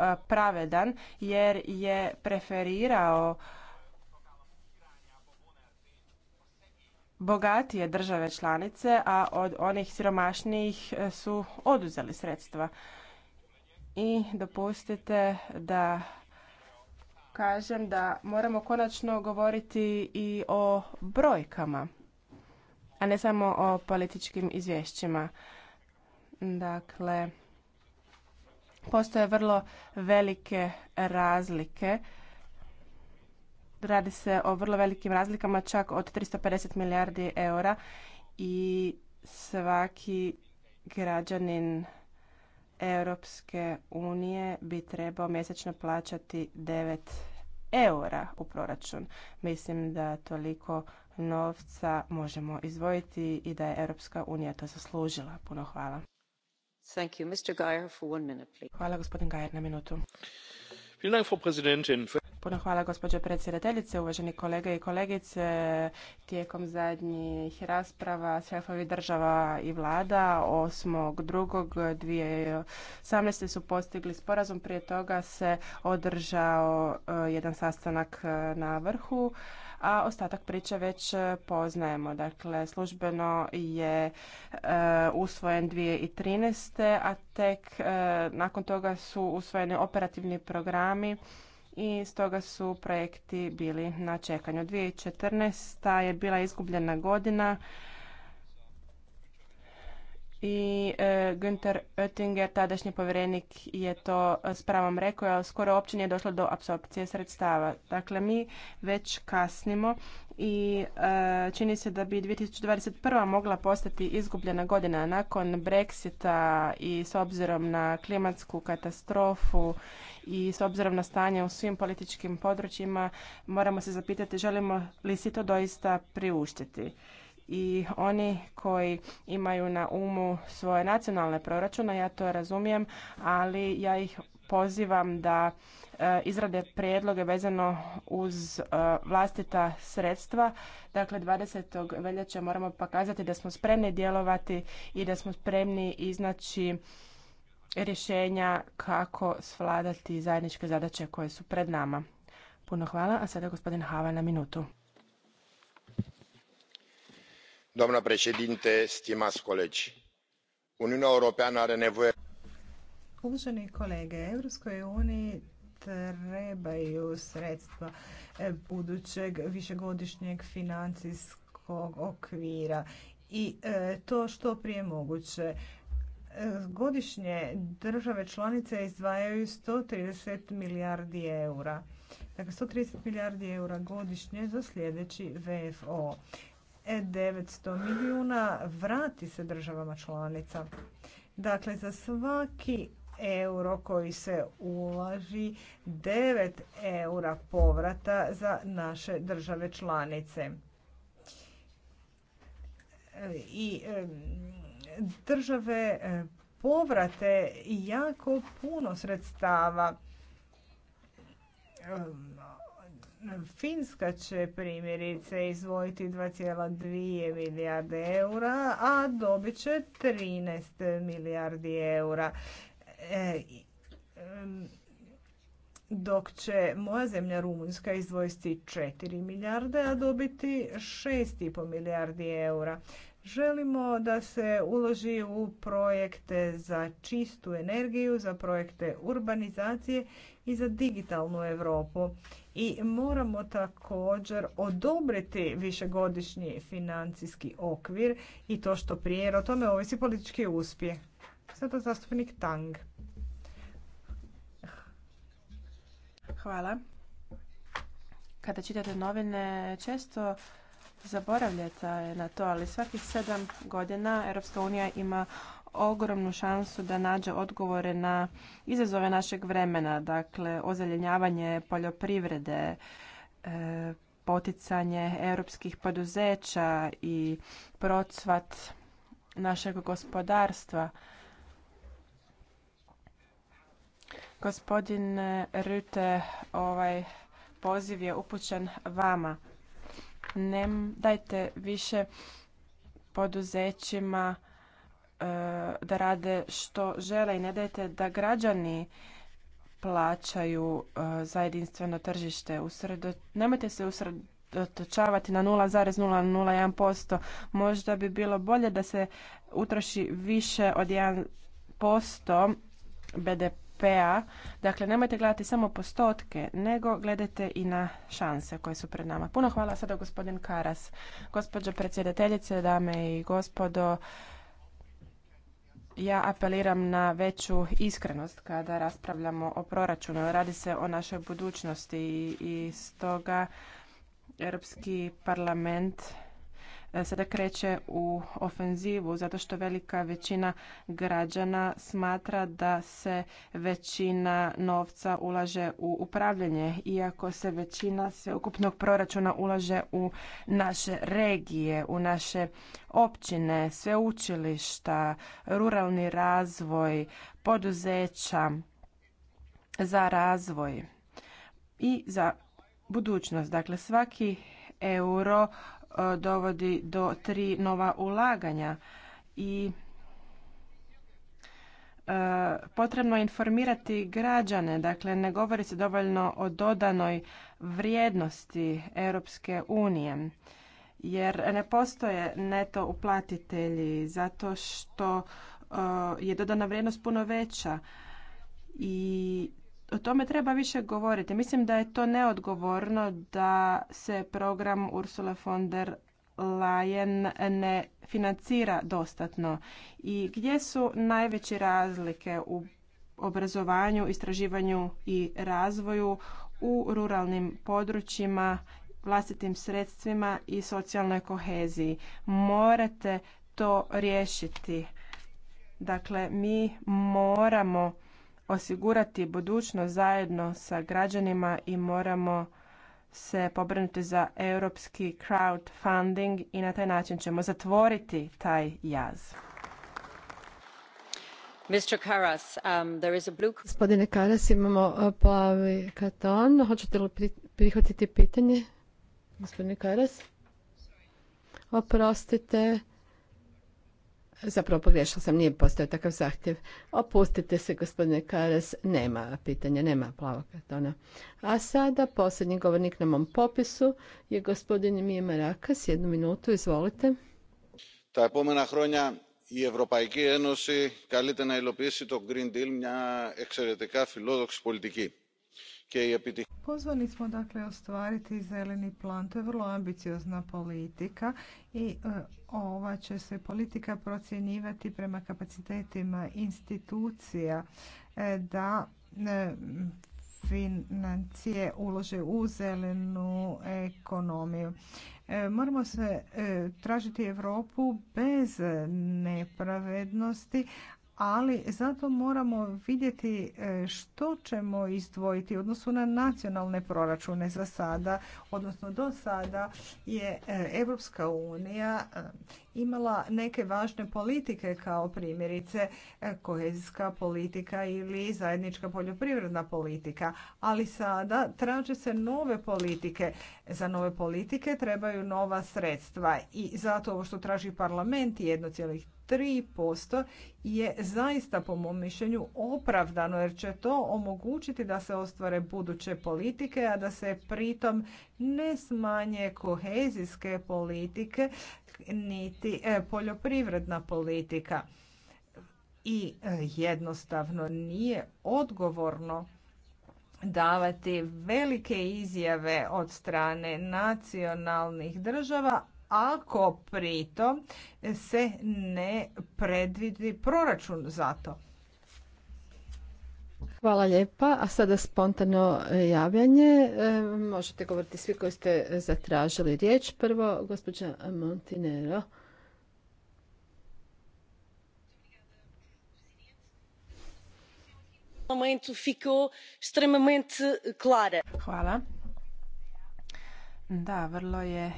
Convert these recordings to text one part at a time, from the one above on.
E, pravedan jer je preferirao bogatije države članice, a od onih siromašnijih e, su oduzeli sredstva. I dopustite da kažem da moramo konačno govoriti i o brojkama, a ne samo o političkim izvješćima. Dakle, postoje vrlo velike razlike. Radi se o vrlo velikim razlikama, čak od 350 milijardi eura i svaki građanin Europske unije bi trebao mjesečno plaćati 9 eura u proračun. Mislim da toliko novca možemo izvojiti i da je Europska unija to zaslužila. Puno hvala. Thank Hvala na minutu. gospođo predsjedateljice, uvaženi kolege i kolegice. Tijekom zadnjih rasprava šefovi država i vlada osamnaest su postigli sporazum. Prije toga se održao e, jedan sastanak e, na vrhu a ostatak priče već e, poznajemo. Dakle, službeno je e, usvojen 2013. a tek e, nakon toga su usvojeni operativni programi i stoga su projekti bili na čekanju. 2014. je bila izgubljena godina i e, Oettinger, tadašnji povjerenik, je to s pravom rekao, ali skoro uopće nije došlo do apsorpcije sredstava. Dakle, mi već kasnimo i e, čini se da bi 2021. mogla postati izgubljena godina nakon Brexita i s obzirom na klimatsku katastrofu i s obzirom na stanje u svim političkim područjima moramo se zapitati želimo li si to doista priuštiti i oni koji imaju na umu svoje nacionalne proračune, ja to razumijem, ali ja ih pozivam da e, izrade prijedloge vezano uz e, vlastita sredstva. Dakle, 20. veljače moramo pokazati da smo spremni djelovati i da smo spremni iznaći rješenja kako svladati zajedničke zadaće koje su pred nama. Puno hvala, a sada gospodin Hava na minutu doamnă președintă stimați colegi uniunea europeană are uvaženi kolege europskoj uniji trebaju sredstva e, budućeg višegodišnjeg financijskog okvira i e, to što prije moguće. E, godišnje države članice izdvajaju 130 milijardi eura. Dakle, 130 milijardi eura godišnje za sljedeći VFO. 900 e, milijuna vrati se državama članica. Dakle, za svaki euro koji se ulaži 9 eura povrata za naše države članice. I države e, povrate jako puno sredstava Finska će primjerice izvojiti 2,2 milijarde eura, a dobit će 13 milijardi eura. E, dok će moja zemlja Rumunjska izdvojiti 4 milijarde, a dobiti 6,5 milijardi eura. Želimo da se uloži u projekte za čistu energiju, za projekte urbanizacije i za digitalnu Europu. I moramo također odobriti višegodišnji financijski okvir i to što prije, jer o tome ovisi politički uspjeh. Sada zastupnik Tang. Hvala. Kada čitate novine, često zaboravljate na to, ali svakih sedam godina Europska unija ima ogromnu šansu da nađe odgovore na izazove našeg vremena, dakle ozeljenjavanje poljoprivrede, e, poticanje europskih poduzeća i procvat našeg gospodarstva. Gospodine Rute, ovaj poziv je upućen vama ne dajte više poduzećima e, da rade što žele i ne dajte da građani plaćaju e, za jedinstveno tržište. nemojte se usredotočavati na 0,001%. Možda bi bilo bolje da se utroši više od 1% BDP p-a pa Dakle, nemojte gledati samo postotke, nego gledajte i na šanse koje su pred nama. Puno hvala sada gospodin Karas. Gospođo predsjedateljice, dame i gospodo, ja apeliram na veću iskrenost kada raspravljamo o proračunu. Radi se o našoj budućnosti i stoga Europski parlament E, sada kreće u ofenzivu zato što velika većina građana smatra da se većina novca ulaže u upravljanje iako se većina sveukupnog proračuna ulaže u naše regije, u naše općine, sveučilišta, ruralni razvoj, poduzeća za razvoj i za budućnost. Dakle svaki euro E, dovodi do tri nova ulaganja i e, potrebno je informirati građane, dakle ne govori se dovoljno o dodanoj vrijednosti Europske unije jer ne postoje neto uplatitelji zato što e, je dodana vrijednost puno veća i o tome treba više govoriti. Mislim da je to neodgovorno da se program Ursula von der Leyen ne financira dostatno. I gdje su najveće razlike u obrazovanju, istraživanju i razvoju u ruralnim područjima, vlastitim sredstvima i socijalnoj koheziji. Morate to riješiti. Dakle, mi moramo osigurati budućnost zajedno sa građanima i moramo se pobrinuti za europski crowdfunding i na taj način ćemo zatvoriti taj jaz. Um, gospodine Karas, imamo uh, plavi karton. Hoćete li prihvatiti pitanje? Gospodine Karas? Oprostite, Zapravo pogrešila sam, nije postao takav zahtjev. Opustite se, gospodine Karas, nema pitanja, nema plavog kartona. A sada posljednji govornik na mom popisu je gospodin Mije Marakas. Jednu minutu, izvolite. Ta pomena hronja i Evropajki Enosi kalite na ilopisi to Green Deal mja ekseretika filodox politiki. Pozvani smo dakle ostvariti zeleni plan. To je vrlo ambiciozna politika i e, ova će se politika procjenjivati prema kapacitetima institucija e, da e, financije ulože u zelenu ekonomiju. Moramo se tražiti Europu bez nepravednosti, ali zato moramo vidjeti e, što ćemo izdvojiti u odnosu na nacionalne proračune za sada, odnosno do sada je Europska unija e, imala neke važne politike kao primjerice e, kohezijska politika ili zajednička poljoprivredna politika, ali sada traže se nove politike. Za nove politike trebaju nova sredstva i zato ovo što traži parlament 1,3 3% je zaista po mom mišljenju opravdano jer će to omogućiti da se ostvare buduće politike, a da se pritom ne smanje kohezijske politike niti e, poljoprivredna politika. I e, jednostavno nije odgovorno davati velike izjave od strane nacionalnih država, ako pritom se ne predvidi proračun za to. Hvala lijepa. A sada spontano javljanje. E, možete govoriti svi koji ste zatražili riječ. Prvo, gospođa Montinero. Hvala. Da, vrlo je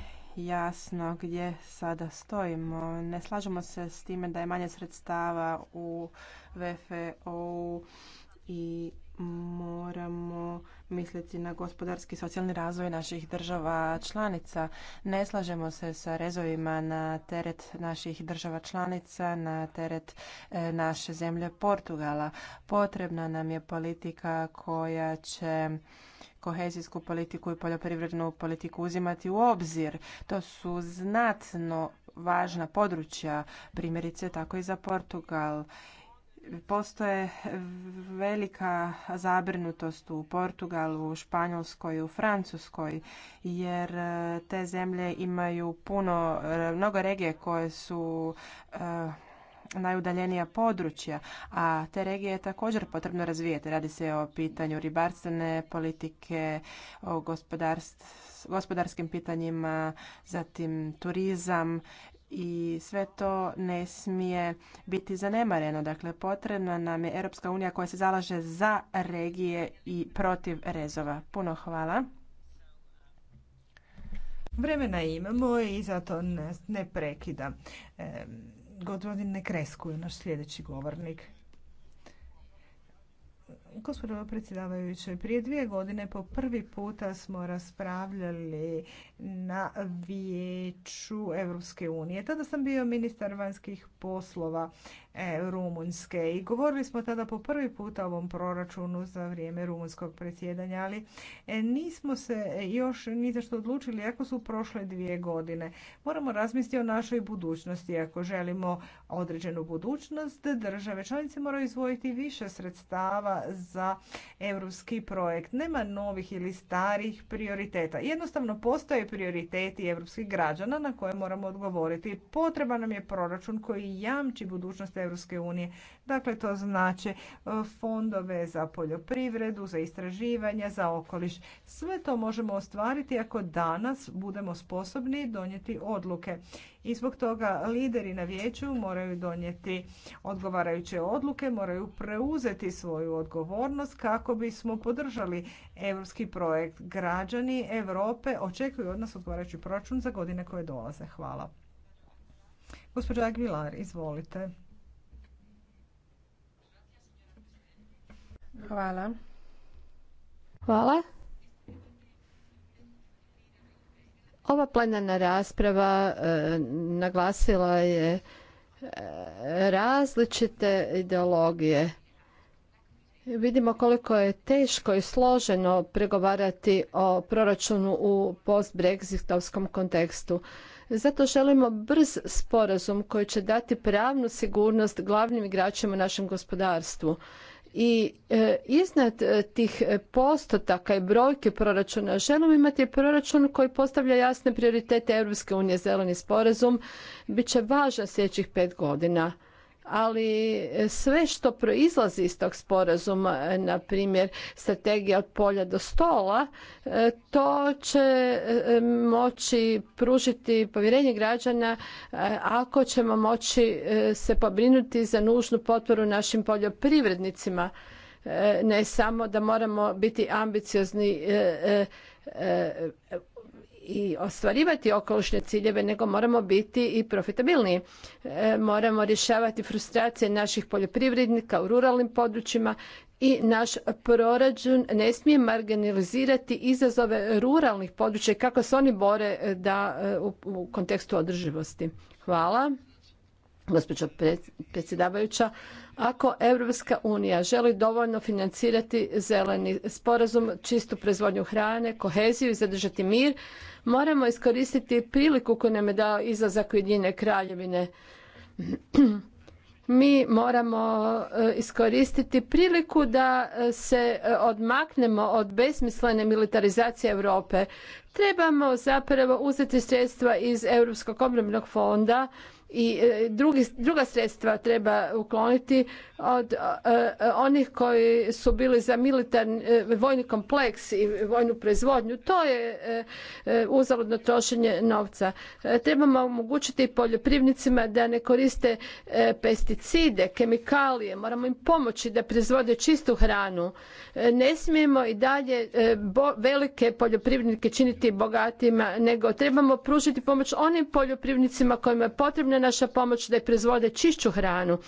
jasno gdje sada stojimo. Ne slažemo se s time da je manje sredstava u VFO i moramo misliti na gospodarski i socijalni razvoj naših država članica. Ne slažemo se sa rezovima na teret naših država članica, na teret e, naše zemlje Portugala. Potrebna nam je politika koja će kohezijsku politiku i poljoprivrednu politiku uzimati u obzir. To su znatno važna područja, primjerice tako i za Portugal Postoje velika zabrinutost u Portugalu, u Španjolskoj, u Francuskoj, jer e, te zemlje imaju puno, e, mnogo regije koje su e, najudaljenija područja, a te regije je također potrebno razvijeti. Radi se o pitanju ribarstvene politike, o gospodarskim pitanjima, zatim turizam i sve to ne smije biti zanemareno. Dakle, potrebna nam je Europska unija koja se zalaže za regije i protiv rezova. Puno hvala. Vremena imamo i zato ne, ne prekida. gospodin Nekresku je naš sljedeći govornik. Gospodo predsjedavajući. prije dvije godine po prvi puta smo raspravljali na vijeću Europske unije. Tada sam bio ministar vanjskih poslova E, rumunjske. I govorili smo tada po prvi puta o ovom proračunu za vrijeme rumunskog predsjedanja, ali e, nismo se još ni za što odlučili ako su prošle dvije godine. Moramo razmisliti o našoj budućnosti. Ako želimo određenu budućnost, države članice moraju izvojiti više sredstava za europski projekt. Nema novih ili starih prioriteta. Jednostavno postoje prioriteti europskih građana na koje moramo odgovoriti. Potreba nam je proračun koji jamči budućnost Evropske Europske unije. Dakle, to znači fondove za poljoprivredu, za istraživanja, za okoliš. Sve to možemo ostvariti ako danas budemo sposobni donijeti odluke. I zbog toga lideri na vijeću moraju donijeti odgovarajuće odluke, moraju preuzeti svoju odgovornost kako bismo podržali europski projekt. Građani Europe očekuju od nas odgovarajući proračun za godine koje dolaze. Hvala. Gospođa Aguilar, izvolite. Hvala. Hvala. Ova plenarna rasprava e, naglasila je e, različite ideologije. Vidimo koliko je teško i složeno pregovarati o proračunu u post-brexitovskom kontekstu. Zato želimo brz sporazum koji će dati pravnu sigurnost glavnim igračima u našem gospodarstvu i e, iznad e, tih e, postotaka i brojke proračuna želimo imati proračun koji postavlja jasne prioritete Europske unije. Zeleni sporazum bit će važan sljedećih pet godina ali e, sve što proizlazi iz tog sporazuma, e, na primjer strategija od polja do stola, e, to će moći pružiti povjerenje građana ako ćemo moći se pobrinuti za nužnu potporu našim poljoprivrednicima. Ne samo da moramo biti ambiciozni i ostvarivati okolišne ciljeve, nego moramo biti i profitabilniji. E, moramo rješavati frustracije naših poljoprivrednika u ruralnim područjima i naš proračun ne smije marginalizirati izazove ruralnih područja kako se oni bore e, da e, u kontekstu održivosti. Hvala. Gospođo predsjedavajuća, ako Europska unija želi dovoljno financirati zeleni sporazum, čistu proizvodnju hrane, koheziju i zadržati mir, moramo iskoristiti priliku koju nam je dao izlazak Ujedinjene kraljevine. Mi moramo e, iskoristiti priliku da e, se e, odmaknemo od besmislene militarizacije Europe. Trebamo zapravo uzeti sredstva iz Europskog obrambenog fonda i e, drugi, druga sredstva treba ukloniti od e, e, onih koji su bili za militarni vojni kompleks i vojnu proizvodnju. To je uzaludno trošenje novca. Trebamo omogućiti poljoprivnicima da ne koriste pesticide, kemikalije, moramo im pomoći da proizvode čistu hranu. Ne smijemo i dalje velike poljoprivrednike činiti bogatima, nego trebamo pružiti pomoć onim poljoprivrednicima kojima je potrebna naša pomoć da proizvode čišću hranu.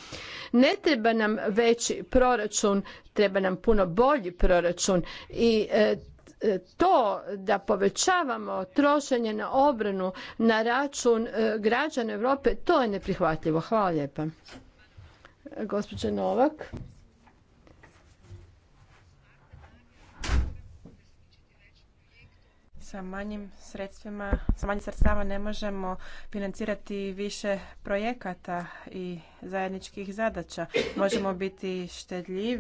Ne treba nam veći proračun, treba nam puno bolji proračun i e, e, to da povećavamo trošenje na obranu na račun e, građana Europe, to je neprihvatljivo. Hvala lijepa. Gospođa Novak. sa manjim sredstvima, sa manje sredstava ne možemo financirati više projekata i zajedničkih zadaća. Možemo biti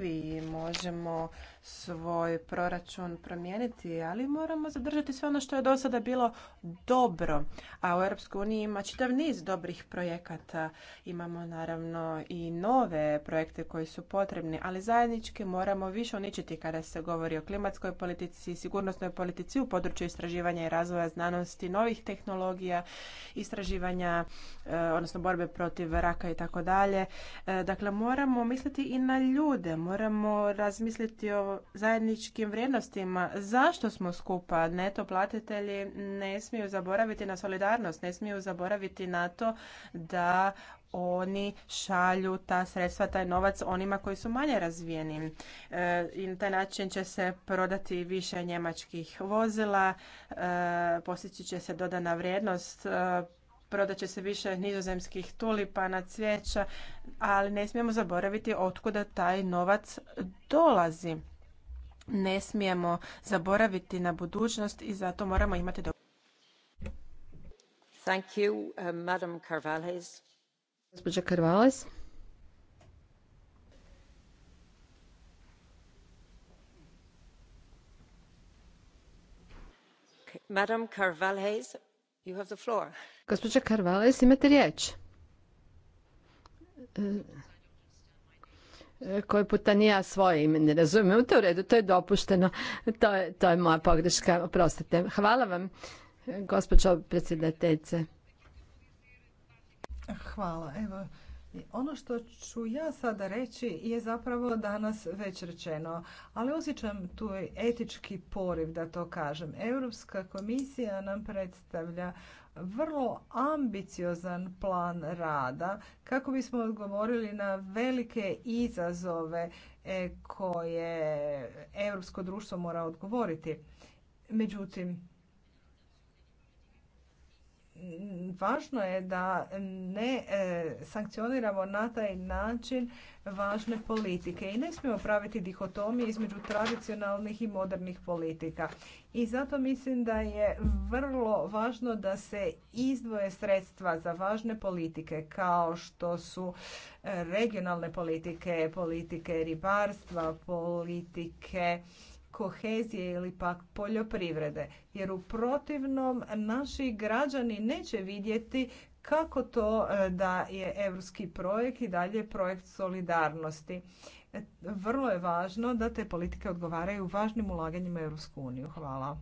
i možemo svoj proračun promijeniti, ali moramo zadržati sve ono što je do sada bilo dobro. A u EU ima čitav niz dobrih projekata. Imamo naravno i nove projekte koji su potrebni, ali zajednički moramo više uničiti kada se govori o klimatskoj politici, sigurnosnoj politici u području istraživanja i razvoja znanosti, novih tehnologija, istraživanja, eh, odnosno borbe protiv raka i tako dalje. E, dakle, moramo misliti i na ljude, moramo razmisliti o zajedničkim vrijednostima. Zašto smo skupa? Neto platitelji ne smiju zaboraviti na solidarnost, ne smiju zaboraviti na to da oni šalju ta sredstva, taj novac onima koji su manje razvijeni. E, I na taj način će se prodati više njemačkih vozila, e, postići će se dodana vrijednost, e, prodat će se više nizozemskih na cvijeća, ali ne smijemo zaboraviti otkuda taj novac dolazi. Ne smijemo zaboraviti na budućnost i zato moramo imati dobro. Thank you, uh, Madam Gospođa Gospođa Karvales, imate riječ. E, koji puta nije ja svoje ime ne razumijem. To u redu, to je dopušteno. To je, to je moja pogreška, oprostite. Hvala vam, gospođo predsjedateljice. Hvala. Evo, ono što ću ja sada reći je zapravo danas već rečeno, ali osjećam tu etički poriv da to kažem. Europska komisija nam predstavlja vrlo ambiciozan plan rada kako bismo odgovorili na velike izazove e, koje europsko društvo mora odgovoriti. Međutim, važno je da ne e, sankcioniramo na taj način važne politike i ne smijemo praviti dihotomije između tradicionalnih i modernih politika. I zato mislim da je vrlo važno da se izdvoje sredstva za važne politike kao što su e, regionalne politike, politike ribarstva, politike kohezije ili pak poljoprivrede. Jer u protivnom naši građani neće vidjeti kako to e, da je europski projekt i dalje projekt solidarnosti. E, vrlo je važno da te politike odgovaraju važnim ulaganjima u Evropsku uniju. Hvala.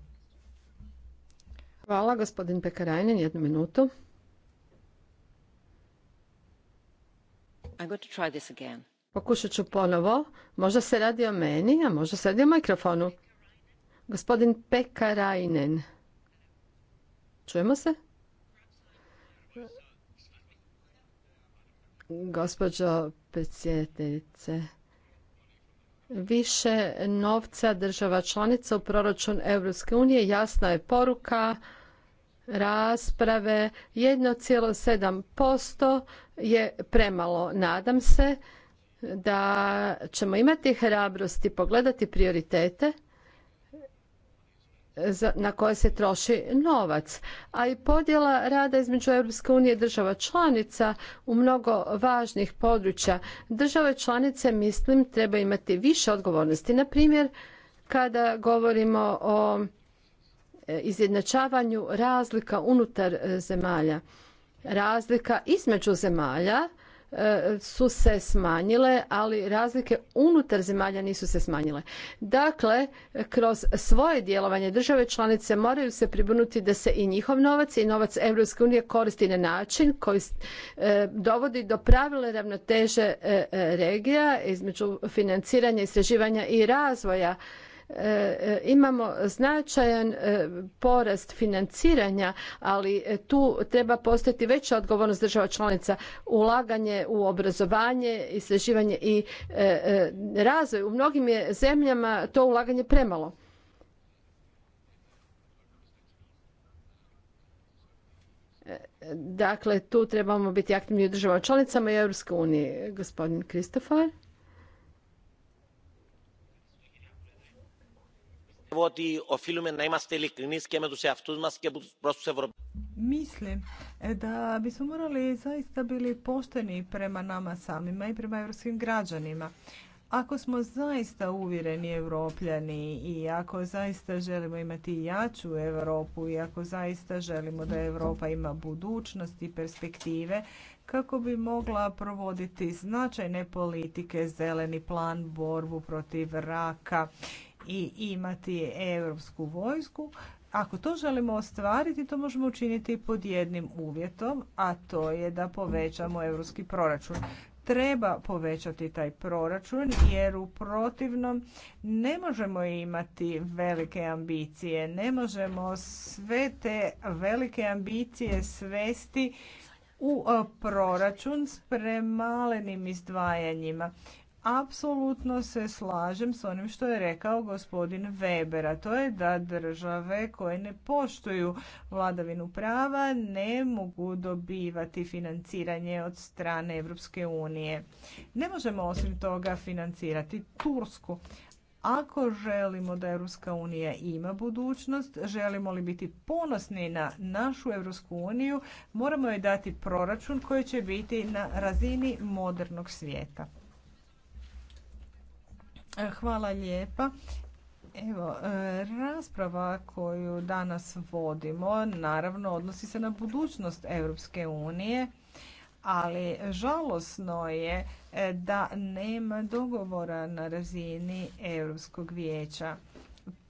Hvala, gospodin Pekarajnen, jednu minutu. I'm going to try this again. Pokušat ću ponovo. Možda se radi o meni, a možda se radi o mikrofonu. Gospodin Pekka Rajnen. Čujemo se? Gospođo predsjedateljice, više novca država članica u proračun Europske unije jasna je poruka rasprave 1,7% je premalo. Nadam se da ćemo imati hrabrosti pogledati prioritete na koje se troši novac. A i podjela rada između EU i država članica u mnogo važnih područja. Države članice, mislim, treba imati više odgovornosti. Na primjer, kada govorimo o e, izjednačavanju razlika unutar e, zemalja, razlika između zemalja E, su se smanjile, ali razlike unutar zemalja nisu se smanjile. Dakle, kroz svoje djelovanje države članice moraju se pribrnuti da se i njihov novac i novac Europske unije koristi na način koji e, dovodi do pravilne ravnoteže e, regija između financiranja, istraživanja i razvoja E, e, imamo značajan e, porast financiranja, ali tu treba postati veća odgovornost država članica, ulaganje u obrazovanje, istraživanje i razvoj. U mnogim je zemljama to ulaganje premalo. Dakle, tu trebamo biti aktivni u državama članicama i u unije. Gospodin Kristofor. Mislim da bismo morali zaista bili pošteni prema nama samima i prema europskim građanima. Ako smo zaista uvjereni europljani i ako zaista želimo imati jaču Europu i ako zaista želimo da Europa ima budućnost i perspektive kako bi mogla provoditi značajne politike, zeleni plan, borbu protiv raka i imati europsku vojsku. Ako to želimo ostvariti, to možemo učiniti pod jednim uvjetom, a to je da povećamo europski proračun. Treba povećati taj proračun jer u protivnom ne možemo imati velike ambicije, ne možemo sve te velike ambicije svesti u proračun s premalenim izdvajanjima. Apsolutno se slažem s onim što je rekao gospodin Weber, a to je da države koje ne poštuju vladavinu prava ne mogu dobivati financiranje od strane Europske unije. Ne možemo osim toga financirati Tursku. Ako želimo da Europska unija ima budućnost, želimo li biti ponosni na našu Europsku uniju, moramo joj dati proračun koji će biti na razini modernog svijeta. Hvala lijepa. Evo, e, rasprava koju danas vodimo naravno odnosi se na budućnost Europske unije, ali žalosno je e, da nema dogovora na razini Europskog vijeća.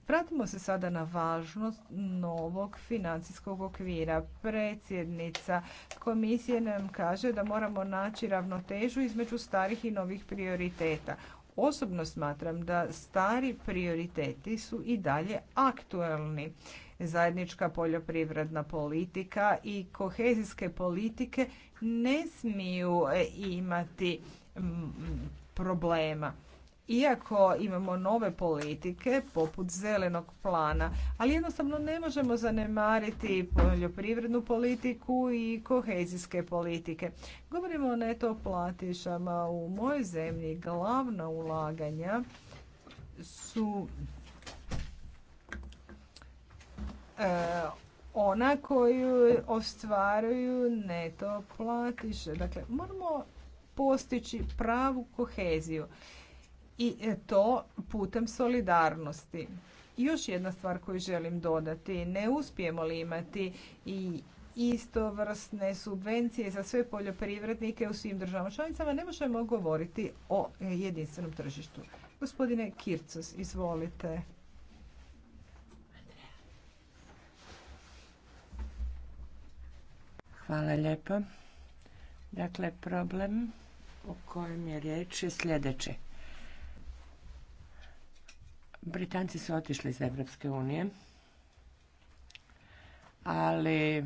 Pratimo se sada na važnost novog financijskog okvira. Predsjednica komisije nam kaže da moramo naći ravnotežu između starih i novih prioriteta. Osobno smatram da stari prioriteti su i dalje aktualni. Zajednička poljoprivredna politika i kohezijske politike ne smiju e, imati problema iako imamo nove politike poput zelenog plana, ali jednostavno ne možemo zanemariti poljoprivrednu politiku i kohezijske politike. Govorimo o neto platišama u mojoj zemlji glavna ulaganja su e, ona koju ostvaruju neto platiše. Dakle, moramo postići pravu koheziju i e, to putem solidarnosti. još jedna stvar koju želim dodati, ne uspijemo li imati i istovrsne subvencije za sve poljoprivrednike u svim državama članicama, ne možemo govoriti o jedinstvenom tržištu. Gospodine Kircos, izvolite. Hvala lijepo. Dakle, problem o kojem je riječ je sljedeći. Britanci su otišli iz Evropske unije, ali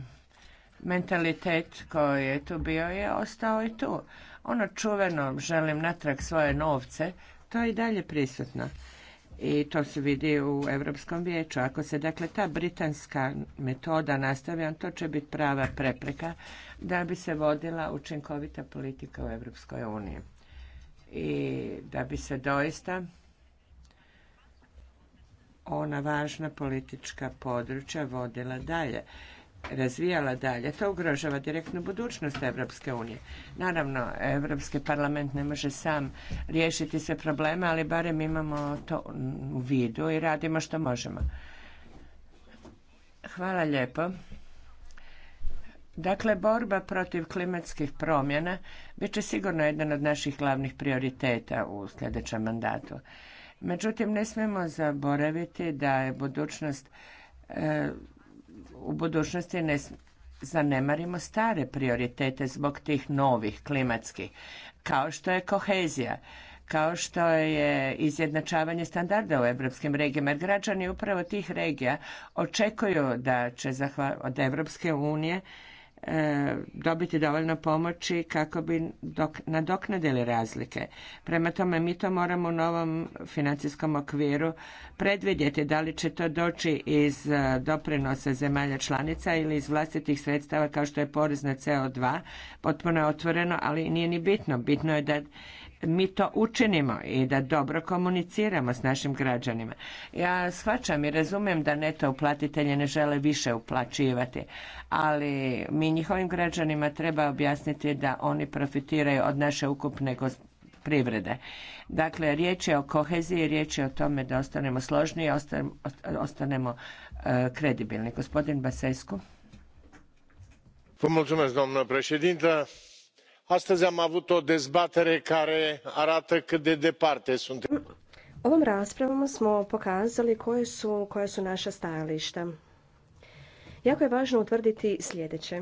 mentalitet koji je tu bio je ostao i tu. Ono čuveno želim natrag svoje novce, to je i dalje prisutno. I to se vidi u Europskom vijeću. Ako se dakle ta britanska metoda nastavi, on to će biti prava prepreka da bi se vodila učinkovita politika u Europskoj uniji. I da bi se doista ona važna politička područja vodila dalje razvijala dalje. To ugrožava direktnu budućnost Evropske unije. Naravno, Evropski parlament ne može sam riješiti sve probleme, ali barem imamo to u vidu i radimo što možemo. Hvala lijepo. Dakle, borba protiv klimatskih promjena bit će sigurno jedan od naših glavnih prioriteta u sljedećem mandatu. Međutim, ne smijemo zaboraviti da je budućnost, e, u budućnosti ne zanemarimo stare prioritete zbog tih novih klimatskih, kao što je kohezija kao što je izjednačavanje standarda u europskim regijama. Jer građani upravo tih regija očekuju da će od Evropske unije dobiti dovoljno pomoći kako bi dok, nadoknadili razlike. Prema tome, mi to moramo u novom financijskom okviru predvidjeti da li će to doći iz e, doprinosa zemalja članica ili iz vlastitih sredstava kao što je porez na CO2 potpuno je otvoreno, ali nije ni bitno. Bitno je da mi to učinimo i da dobro komuniciramo s našim građanima. Ja shvaćam i razumijem da neto uplatitelje ne žele više uplaćivati, ali mi njihovim građanima treba objasniti da oni profitiraju od naše ukupne privrede. Dakle, riječ je o koheziji, riječ je o tome da ostanemo složni i ostanemo e, kredibilni. Gospodin Basescu. Vă astăzi am avut o dezbatere care arată de departe suntem. Ovom raspravom smo pokazali koje su, koje su naša stajališta. Jako je važno utvrditi sljedeće.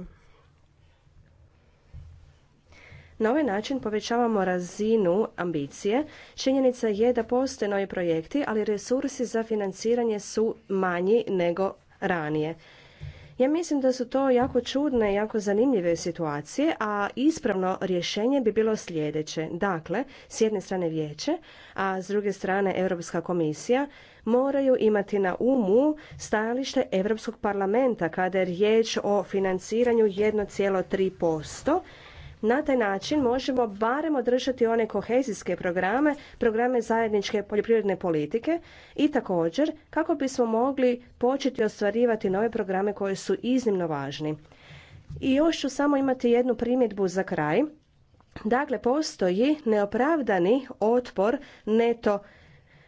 Na ovaj način povećavamo razinu ambicije. Činjenica je da postoje novi projekti, ali resursi za financiranje su manji nego ranije. Ja mislim da su to jako čudne, i jako zanimljive situacije, a ispravno rješenje bi bilo sljedeće. Dakle, s jedne strane vijeće, a s druge strane Europska komisija moraju imati na umu stajalište Europskog parlamenta kada je riječ o financiranju 1,3% na taj način možemo barem održati one kohezijske programe, programe zajedničke poljoprivredne politike i također kako bismo mogli početi ostvarivati nove programe koji su iznimno važni. I još ću samo imati jednu primjedbu za kraj. Dakle, postoji neopravdani otpor neto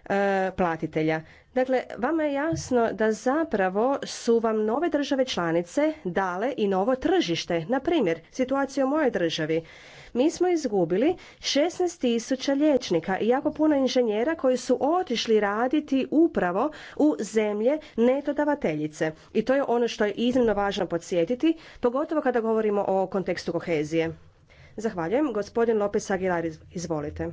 E, platitelja. Dakle, vama je jasno da zapravo su vam nove države članice dale i novo tržište. Na primjer, situacija u mojoj državi. Mi smo izgubili 16 tisuća liječnika i jako puno inženjera koji su otišli raditi upravo u zemlje netodavateljice. I to je ono što je iznimno važno podsjetiti, pogotovo kada govorimo o kontekstu kohezije. Zahvaljujem. Gospodin Lopez Aguilar, izvolite.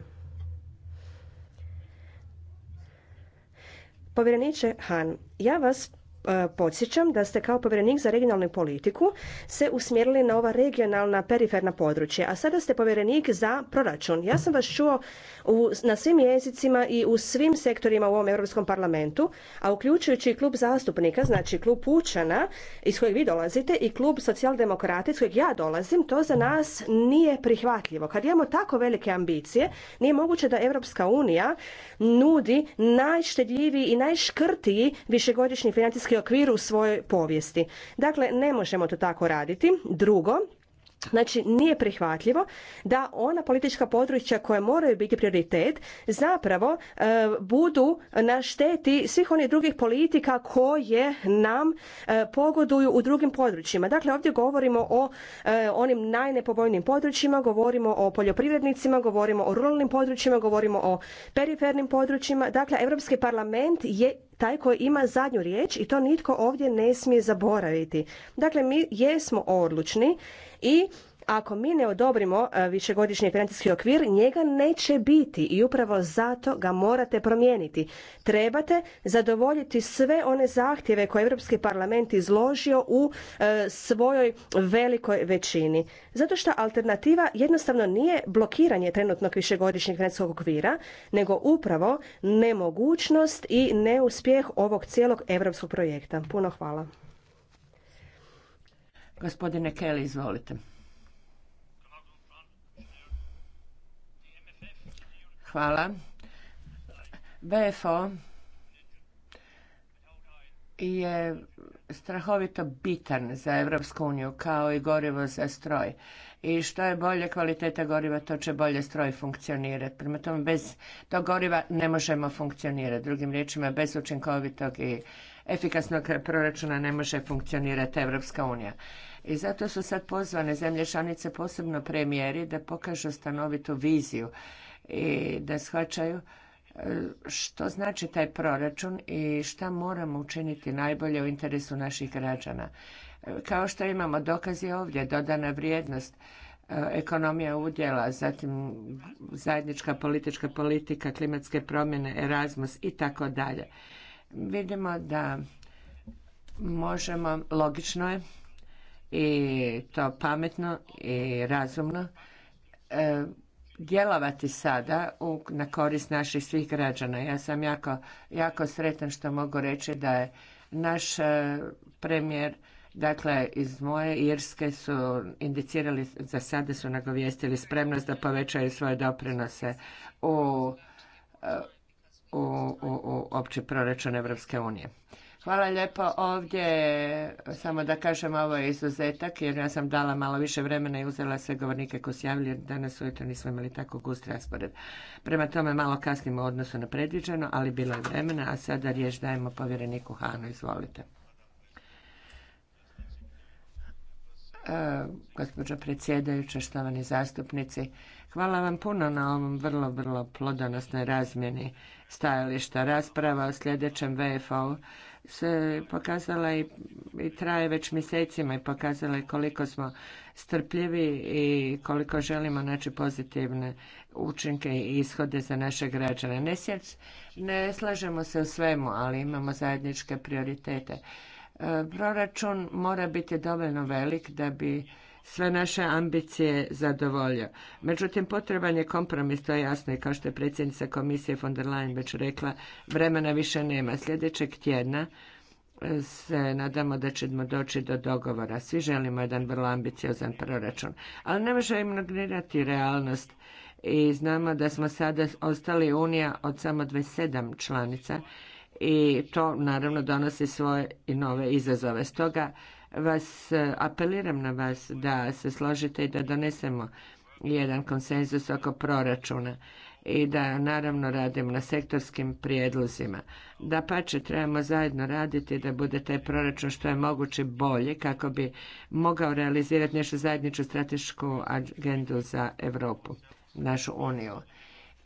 Povjereniče Han, ja vas E, podsjećam da ste kao povjerenik za regionalnu politiku se usmjerili na ova regionalna periferna područja, a sada ste povjerenik za proračun. Ja sam vas čuo u, na svim jezicima i u svim sektorima u ovom Europskom parlamentu, a uključujući i klub zastupnika, znači klub Pučana iz kojeg vi dolazite i klub socijaldemokrata iz kojeg ja dolazim, to za nas nije prihvatljivo. Kad imamo tako velike ambicije, nije moguće da Europska unija nudi najštedljiviji i najškrtiji višegodišnji financijski u svojoj povijesti. Dakle, ne možemo to tako raditi. Drugo, Znači, nije prihvatljivo da ona politička područja koja moraju biti prioritet zapravo e, budu na šteti svih onih drugih politika koje nam e, pogoduju u drugim područjima. Dakle, ovdje govorimo o e, onim najnepovoljnijim područjima, govorimo o poljoprivrednicima, govorimo o ruralnim područjima, govorimo o perifernim područjima. Dakle, Europski parlament je taj koji ima zadnju riječ i to nitko ovdje ne smije zaboraviti. Dakle, mi jesmo odlučni i ako mi ne odobrimo e, višegodišnji financijski okvir, njega neće biti i upravo zato ga morate promijeniti. Trebate zadovoljiti sve one zahtjeve koje je Europski parlament izložio u e, svojoj velikoj većini. Zato što alternativa jednostavno nije blokiranje trenutnog višegodišnjeg financijskog okvira, nego upravo nemogućnost i neuspjeh ovog cijelog europskog projekta. Puno hvala. Gospodine Kelly, izvolite. Hvala. BFO je strahovito bitan za Europsku uniju kao i gorivo za stroj. I što je bolje kvaliteta goriva, to će bolje stroj funkcionirati. Prema tome, bez tog goriva ne možemo funkcionirati. Drugim riječima, bez učinkovitog i efikasnog proračuna ne može funkcionirati Evropska unija. I zato su sad pozvane zemlje članice, posebno premijeri, da pokažu stanovitu viziju i da shvaćaju e, što znači taj proračun i šta moramo učiniti najbolje u interesu naših građana. E, kao što imamo dokazi ovdje, dodana vrijednost, e, ekonomija udjela, zatim zajednička politička politika, klimatske promjene, Erasmus i tako dalje. Vidimo da možemo, logično je, i to pametno i razumno e, djelovati sada na korist naših svih građana. Ja sam jako, jako sretan što mogu reći da je naš e, premijer Dakle, iz moje Irske su indicirali, za sada su nagovijestili spremnost da povećaju svoje doprinose u, e, u, u, u opći proračun Evropske unije. Hvala lijepo. Ovdje, samo da kažem, ovo je izuzetak jer ja sam dala malo više vremena i uzela sve govornike koji se javljaju. danas ujutro nismo imali tako gust raspored. Prema tome malo kasnimo u odnosu na predviđeno, ali bilo je vremena, a sada riječ dajemo povjereniku Hanu, izvolite. E, gospođo predsjedajuća, štovani zastupnici, hvala vam puno na ovom vrlo, vrlo plodonosnoj razmjeni stajališta rasprava o sljedećem VFO se pokazala i, i traje već mjesecima i pokazala je koliko smo strpljivi i koliko želimo naći pozitivne učinke i ishode za naše građane. Ne, ne slažemo se u svemu, ali imamo zajedničke prioritete. E, proračun mora biti dovoljno velik da bi sve naše ambicije zadovoljio. Međutim, potreban je kompromis, to je jasno i kao što je predsjednica komisije von der Leyen već rekla, vremena više nema. Sljedećeg tjedna e, se nadamo da ćemo doći do dogovora. Svi želimo jedan vrlo ambiciozan proračun, ali ne možemo ignorirati realnost i znamo da smo sada ostali unija od samo 27 članica i to naravno donosi svoje i nove izazove. Stoga vas, apeliram na vas da se složite i da donesemo jedan konsenzus oko proračuna i da naravno radimo na sektorskim prijedlozima. Da pače, trebamo zajedno raditi da bude taj proračun što je moguće bolje kako bi mogao realizirati našu zajedničku stratešku agendu za Europu, našu uniju.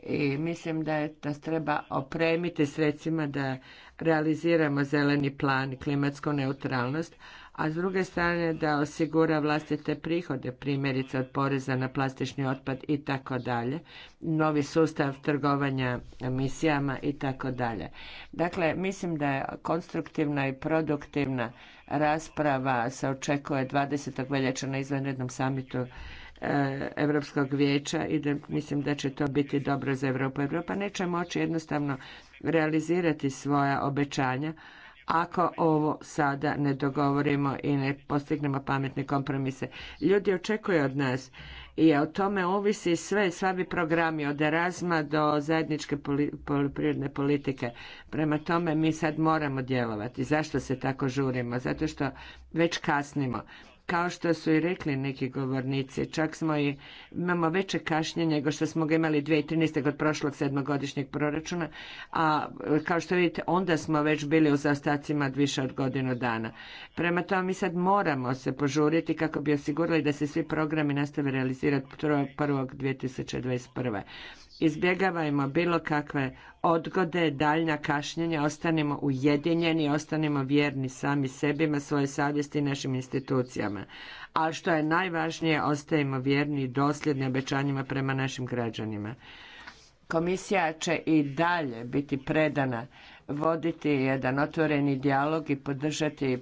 I mislim da nas treba opremiti sredstvima da realiziramo zeleni plan i klimatsku neutralnost, a s druge strane da osigura vlastite prihode, primjerice od poreza na plastični otpad i tako dalje, novi sustav trgovanja emisijama i tako dalje. Dakle, mislim da je konstruktivna i produktivna rasprava se očekuje 20. veljača na izvanrednom samitu e, Europskog vijeća i da mislim da će to biti dobro za Europu. Europa neće moći jednostavno realizirati svoja obećanja ako ovo sada ne dogovorimo i ne postignemo pametne kompromise. Ljudi očekuju od nas i o tome ovisi sve, svi programi od Erasma do zajedničke poljoprivredne politike. Prema tome mi sad moramo djelovati. Zašto se tako žurimo? Zato što već kasnimo kao što su i rekli neki govornici, čak smo i, imamo veće kašnjenje nego što smo ga imali 2013. kod prošlog sedmogodišnjeg proračuna, a kao što vidite onda smo već bili u zaostacima više od godinu dana. Prema tome mi sad moramo se požuriti kako bi osigurali da se svi programi nastave realizirati 2021 izbjegavajmo bilo kakve odgode, daljnja kašnjenja, ostanimo ujedinjeni, ostanimo vjerni sami sebima, svoje savjesti i našim institucijama. A što je najvažnije, ostajemo vjerni i dosljedni obećanjima prema našim građanima. Komisija će i dalje biti predana voditi jedan otvoreni dijalog i podržati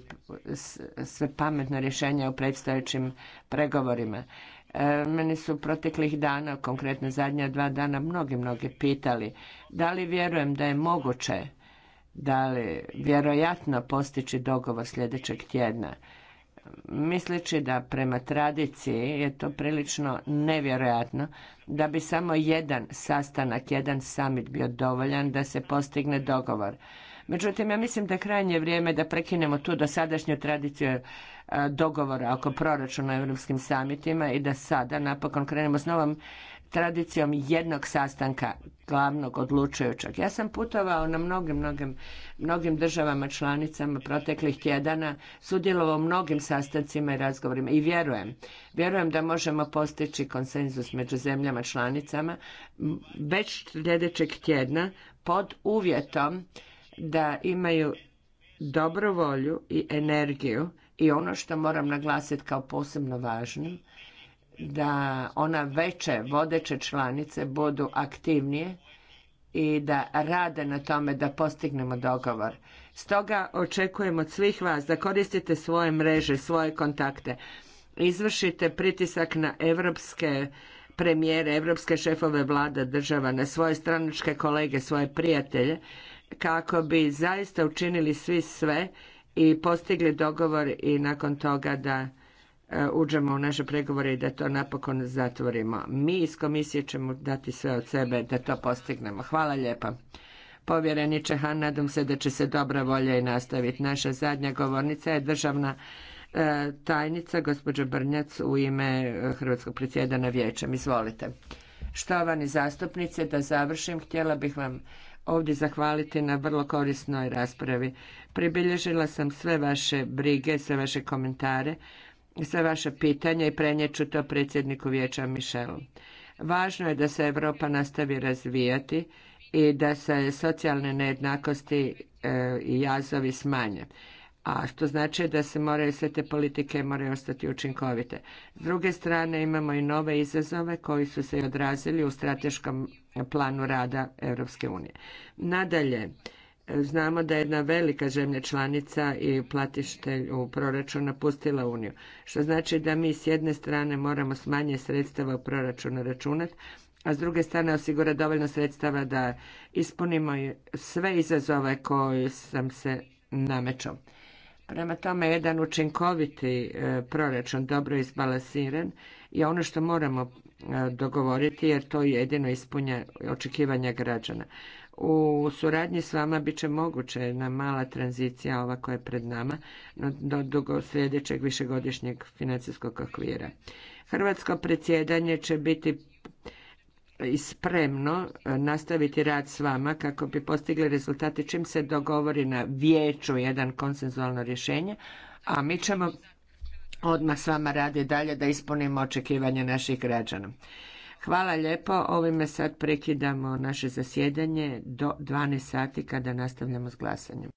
sve pametno rješenja u predstojećim pregovorima. E, meni su proteklih dana, konkretno zadnja dva dana, mnogi, mnogi pitali da li vjerujem da je moguće, da li vjerojatno postići dogovor sljedećeg tjedna. Misleći da prema tradiciji je to prilično nevjerojatno da bi samo jedan sastanak, jedan summit bio dovoljan da se postigne dogovor. Međutim, ja mislim da je krajnje vrijeme da prekinemo tu dosadašnju tradiciju e, dogovora oko proračuna na europskim samitima i da sada napokon krenemo s novom tradicijom jednog sastanka glavnog odlučujućeg. Ja sam putovao na mnogim, mnogim, mnogim državama članicama proteklih tjedana, sudjelovao u mnogim sastancima i razgovorima i vjerujem, vjerujem da možemo postići konsenzus među zemljama članicama već sljedećeg tjedna pod uvjetom da imaju dobru volju i energiju i ono što moram naglasiti kao posebno važno, da ona veće vodeće članice budu aktivnije i da rade na tome da postignemo dogovor. Stoga očekujem od svih vas da koristite svoje mreže, svoje kontakte, izvršite pritisak na evropske premijere, evropske šefove vlada država, na svoje stranačke kolege, svoje prijatelje, kako bi zaista učinili svi sve i postigli dogovor i nakon toga da e, uđemo u naše pregovore i da to napokon zatvorimo. Mi iz komisije ćemo dati sve od sebe da to postignemo. Hvala lijepa. Povjereniče Han, nadam se da će se dobra volja i nastaviti. Naša zadnja govornica je državna e, tajnica, gospođa Brnjac, u ime e, Hrvatskog predsjedana vijećem. Izvolite. Štovani zastupnice, da završim, htjela bih vam ovdje zahvaliti na vrlo korisnoj raspravi. Pribilježila sam sve vaše brige, sve vaše komentare, sve vaše pitanja i prenijet ću to predsjedniku vijeća Mišelu. Važno je da se Europa nastavi razvijati i da se socijalne nejednakosti e, i jazovi smanje a što znači da se moraju sve te politike moraju ostati učinkovite. S druge strane imamo i nove izazove koji su se odrazili u strateškom planu rada Europske unije. Nadalje, Znamo da je jedna velika zemlja članica i platištelj u proračun napustila Uniju, što znači da mi s jedne strane moramo s manje sredstava u proračunu računati, a s druge strane osigura dovoljno sredstava da ispunimo sve izazove koji sam se nameću. Prema tome, jedan učinkoviti e, proračun, dobro izbalansiran, je ono što moramo e, dogovoriti jer to jedino ispunja očekivanja građana. U suradnji s vama bit će moguće na mala tranzicija ova koja je pred nama do dugo sljedećeg višegodišnjeg financijskog okvira. Hrvatsko predsjedanje će biti i spremno e, nastaviti rad s vama kako bi postigli rezultate čim se dogovori na vijeću jedan konsenzualno rješenje, a mi ćemo odmah s vama radi dalje da ispunimo očekivanja naših građana. Hvala lijepo, ovime sad prekidamo naše zasjedanje do 12 sati kada nastavljamo s glasanjem.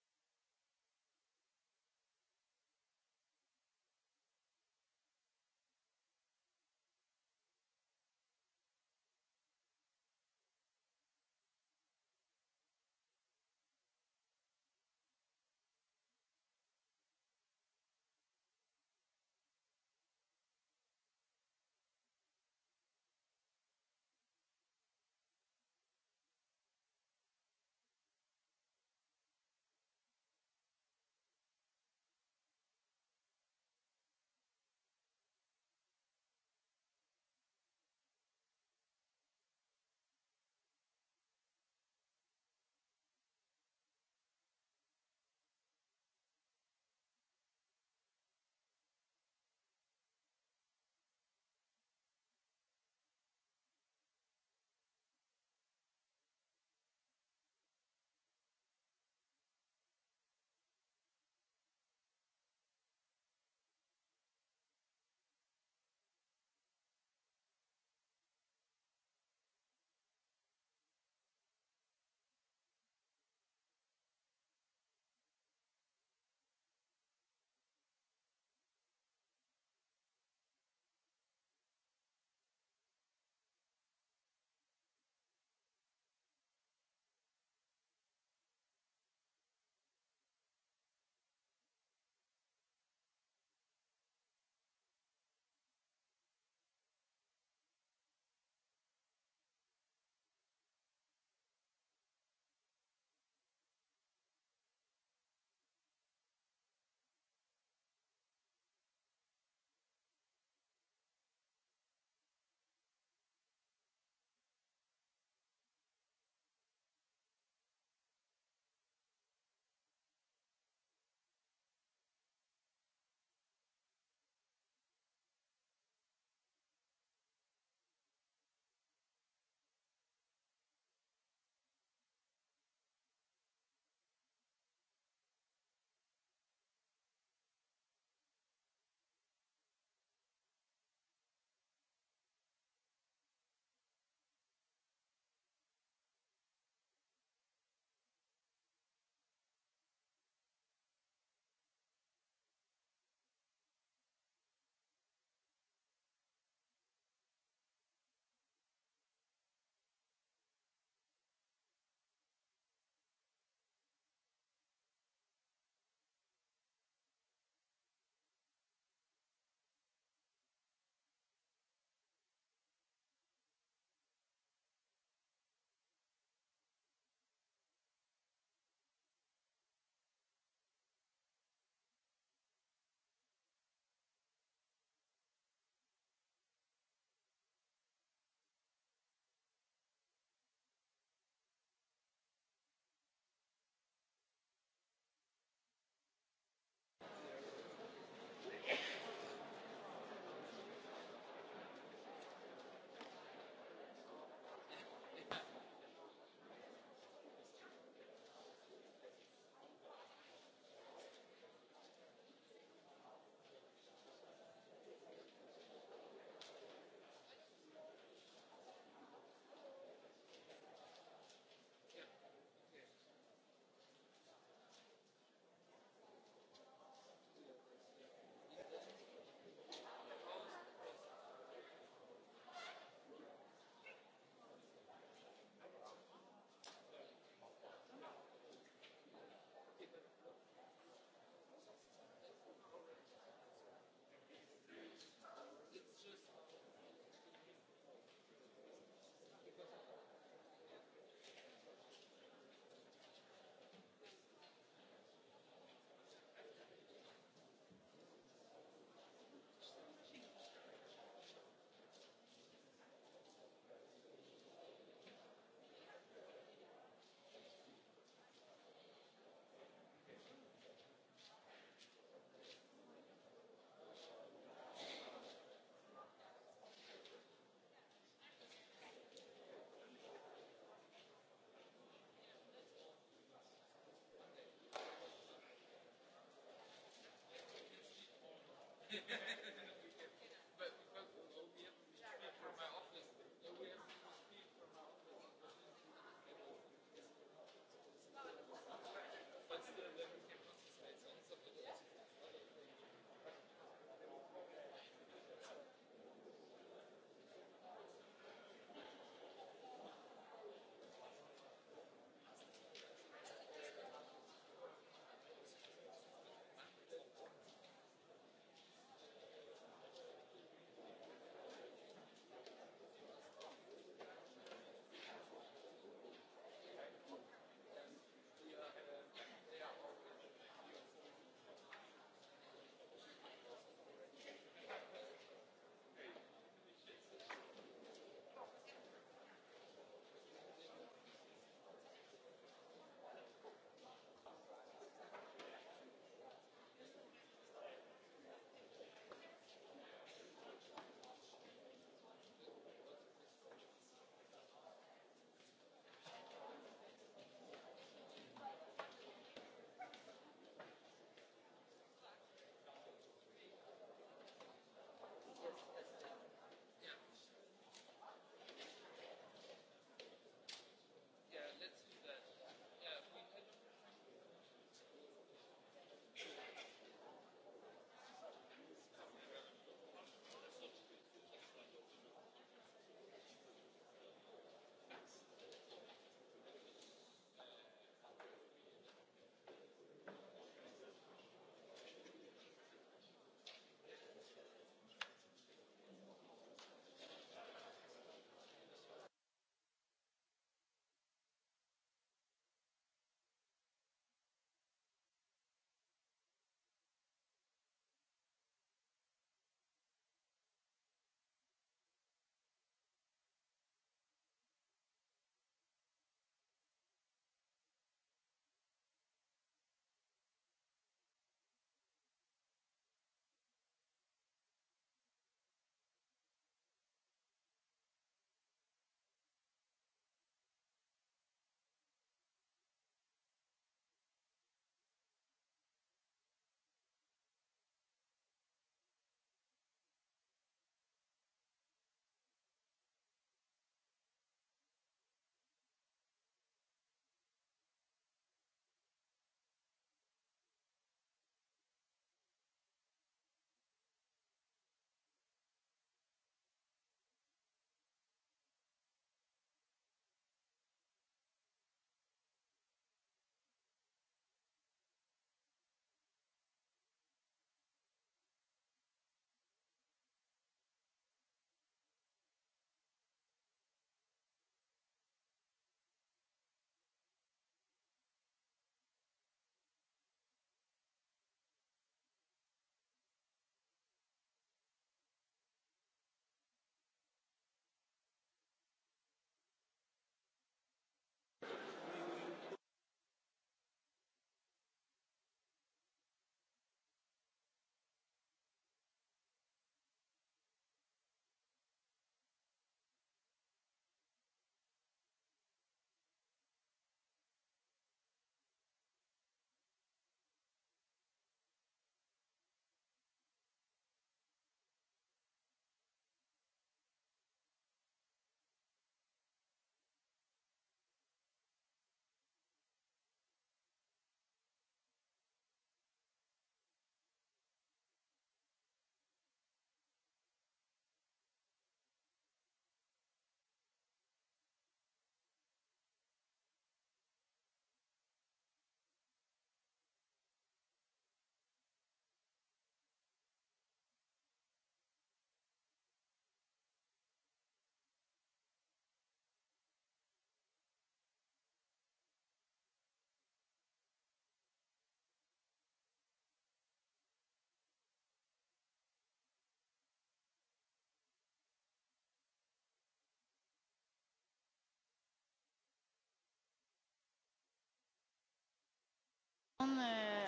on je eh,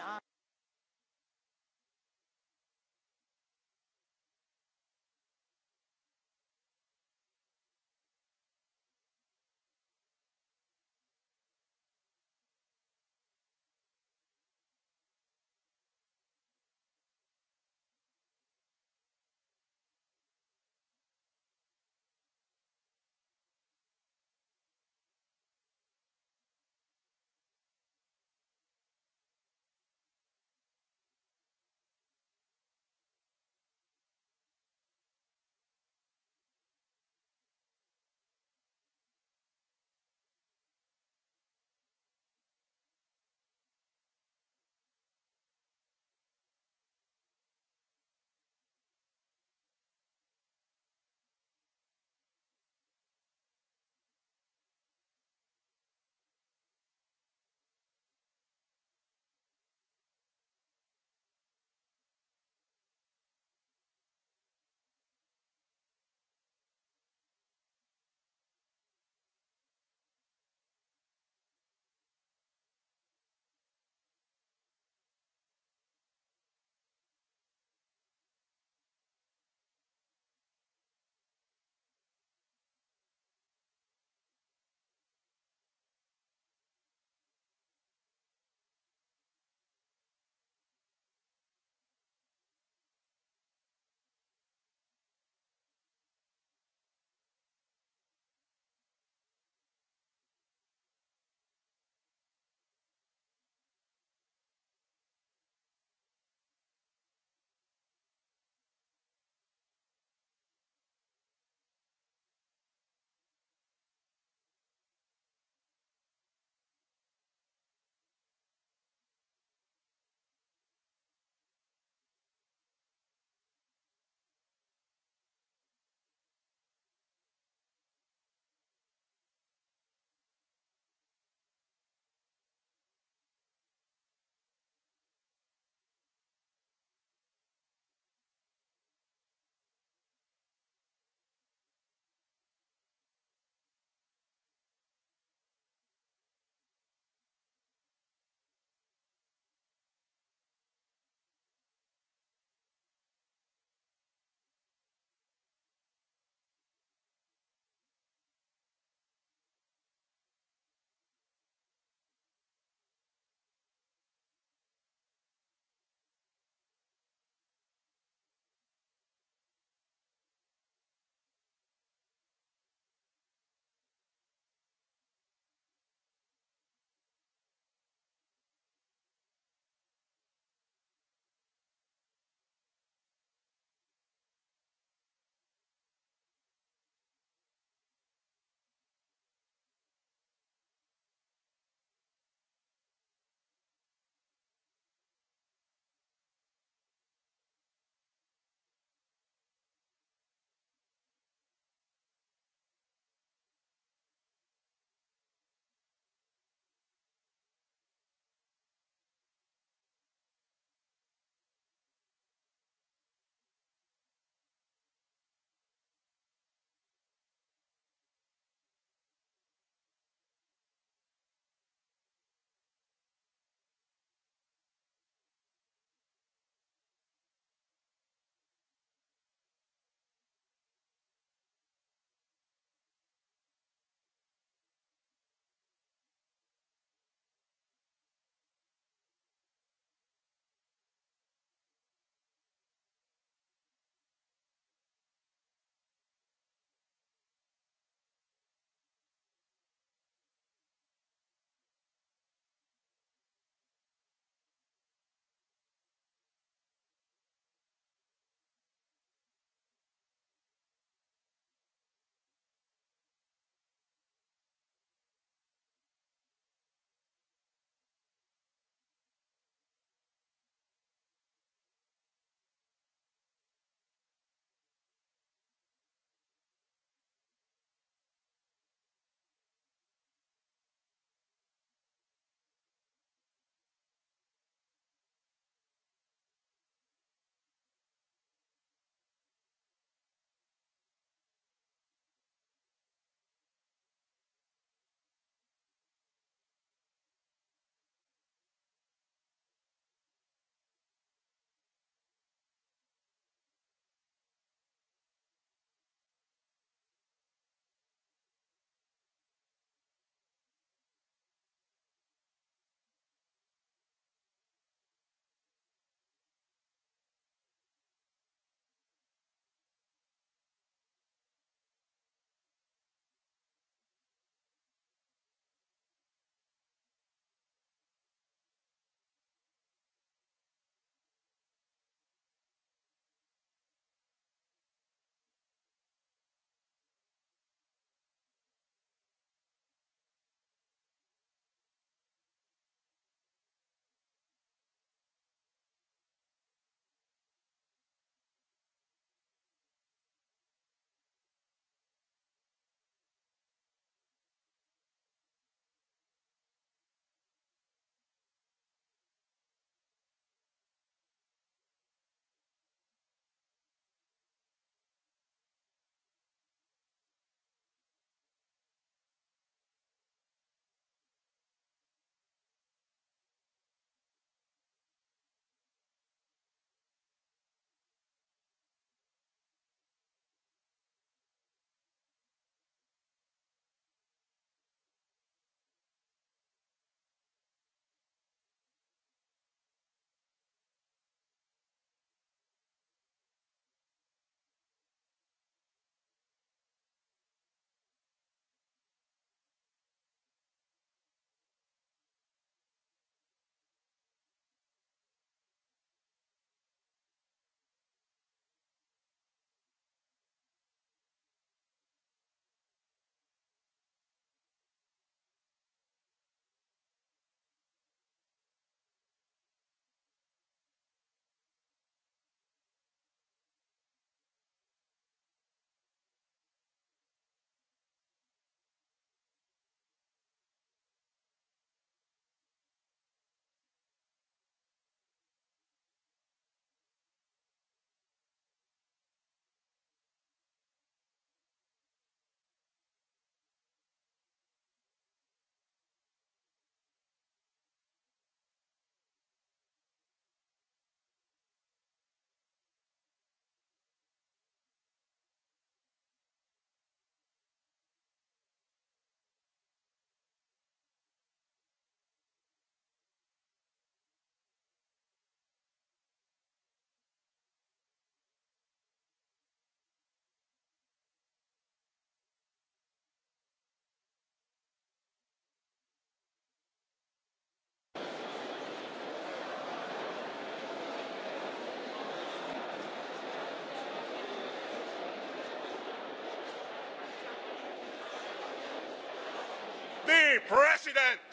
the president.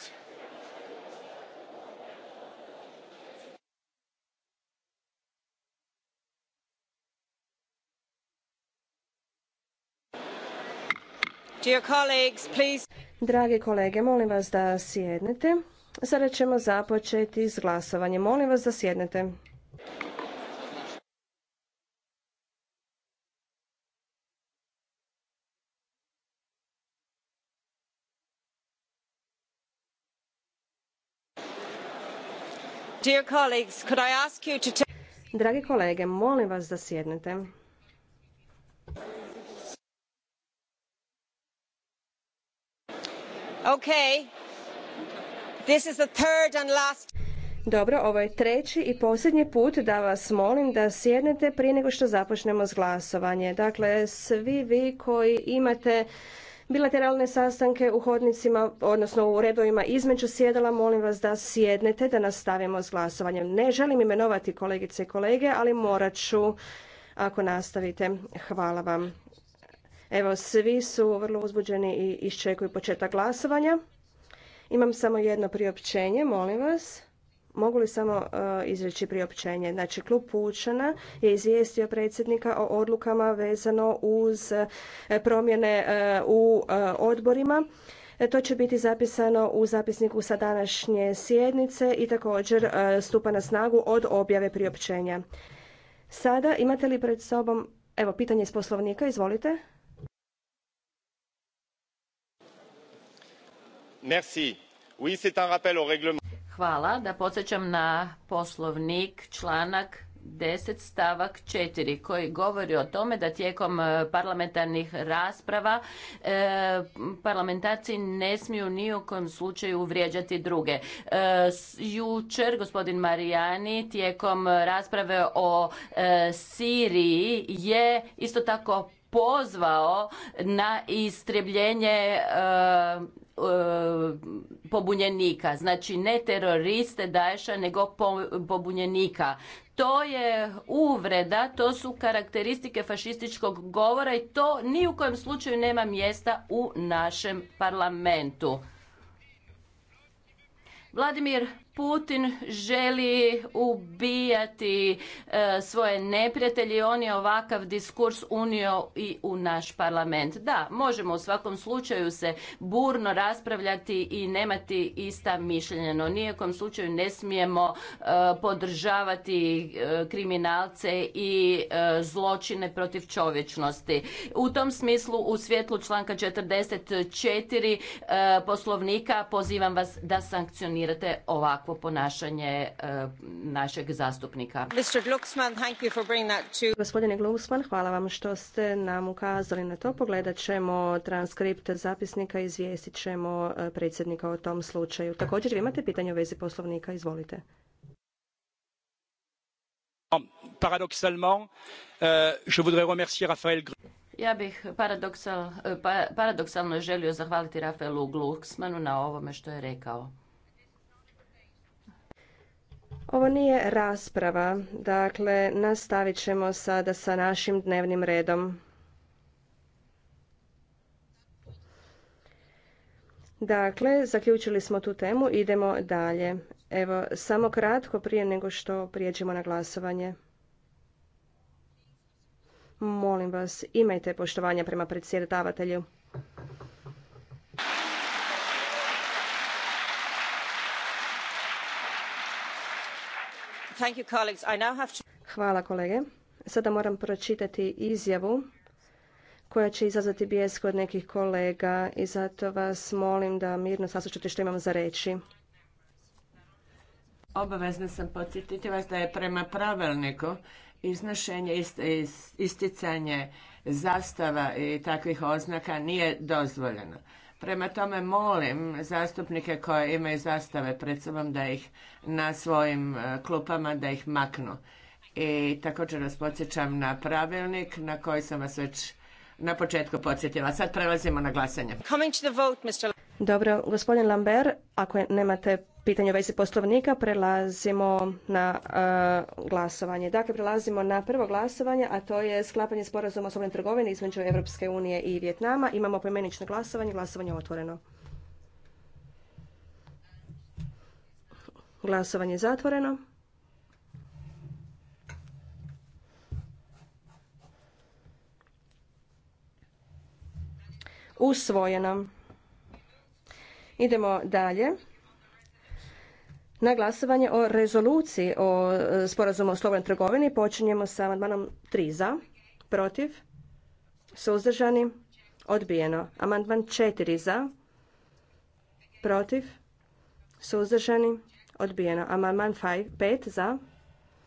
Dear colleagues, please. Drage kolege, molim vas da sjednete. Sada ćemo započeti s glasovanjem. Molim vas da sjednete. Dragi kolege, molim vas da sjednete. Okay. This is the third and Dobro, ovo je treći i posljednji put da vas molim da sjednete prije nego što započnemo s glasovanje. Dakle, svi vi koji imate bilateralne sastanke u hodnicima, odnosno u redovima između sjedala, molim vas da sjednete, da nastavimo s glasovanjem. Ne želim imenovati kolegice i kolege, ali morat ću ako nastavite. Hvala vam. Evo, svi su vrlo uzbuđeni i iščekuju početak glasovanja. Imam samo jedno priopćenje, molim vas mogu li samo e, izreći priopćenje? Znači, klub Pučana je izvijestio predsjednika o odlukama vezano uz e, promjene e, u odborima. To će biti zapisano u zapisniku sa današnje sjednice i također stupa na snagu od objave priopćenja. Sada imate li pred sobom, evo pitanje iz poslovnika, izvolite. Merci. Oui, c'est un rappel au règlement. Hvala. Da podsjećam na poslovnik članak 10 stavak 4 koji govori o tome da tijekom e, parlamentarnih rasprava e, parlamentarci ne smiju ni u kojem slučaju vrijeđati druge. E, jučer gospodin Marijani tijekom rasprave o Siriji je isto tako pozvao na istrebljenje pobunjenika. Znači ne teroriste Daesha nego pobunjenika. To je uvreda, to su karakteristike fašističkog govora i to ni u kojem slučaju nema mjesta u našem parlamentu. Vladimir Putin želi ubijati e, svoje neprijatelje i on je ovakav diskurs unio i u naš parlament. Da, možemo u svakom slučaju se burno raspravljati i nemati ista mišljenja, no nijekom slučaju ne smijemo e, podržavati e, kriminalce i e, zločine protiv čovječnosti. U tom smislu u svjetlu članka 44 poslovnika pozivam vas da sankcionirate ovako takvo ponašanje e, našeg zastupnika. Gospodine Glucksmann, hvala vam što ste nam ukazali na to. Pogledat ćemo transkript zapisnika i izvijestit ćemo e, predsjednika o tom slučaju. Također, vi imate pitanje u vezi poslovnika, izvolite. Um, e, ja bih pa, paradoksalno želio zahvaliti Rafaelu Glucksmanu na ovome što je rekao. Ovo nije rasprava, dakle nastavit ćemo sada sa našim dnevnim redom. Dakle, zaključili smo tu temu, idemo dalje. Evo, samo kratko prije nego što prijeđemo na glasovanje. Molim vas, imajte poštovanja prema predsjedavatelju. Hvala kolege. Sada moram pročitati izjavu koja će izazvati bijes kod nekih kolega i zato vas molim da mirno saslušate što imam za reći. Obavezna sam podsjetiti vas da je prema pravilniku iznošenje isticanje zastava i takvih oznaka nije dozvoljeno. Prema tome molim zastupnike koje imaju zastave pred sobom da ih na svojim e, klupama da ih maknu. I također vas podsjećam na pravilnik na koji sam vas već na početku podsjetila. Sad prelazimo na glasanje. Dobro, gospodin Lambert, ako nemate pitanje u vezi poslovnika prelazimo na e, glasovanje. Dakle, prelazimo na prvo glasovanje, a to je sklapanje sporazuma o slobodnoj trgovini između Europske unije i Vjetnama. Imamo pojmenično glasovanje, glasovanje je otvoreno. Glasovanje je zatvoreno. Usvojeno. Idemo dalje na glasovanje o rezoluciji o e, sporazumu o slobodnoj trgovini. Počinjemo sa amandmanom 3 za, protiv, suzdržani, odbijeno. Amandman 4 za, protiv, suzdržani, odbijeno. Amandman 5 za,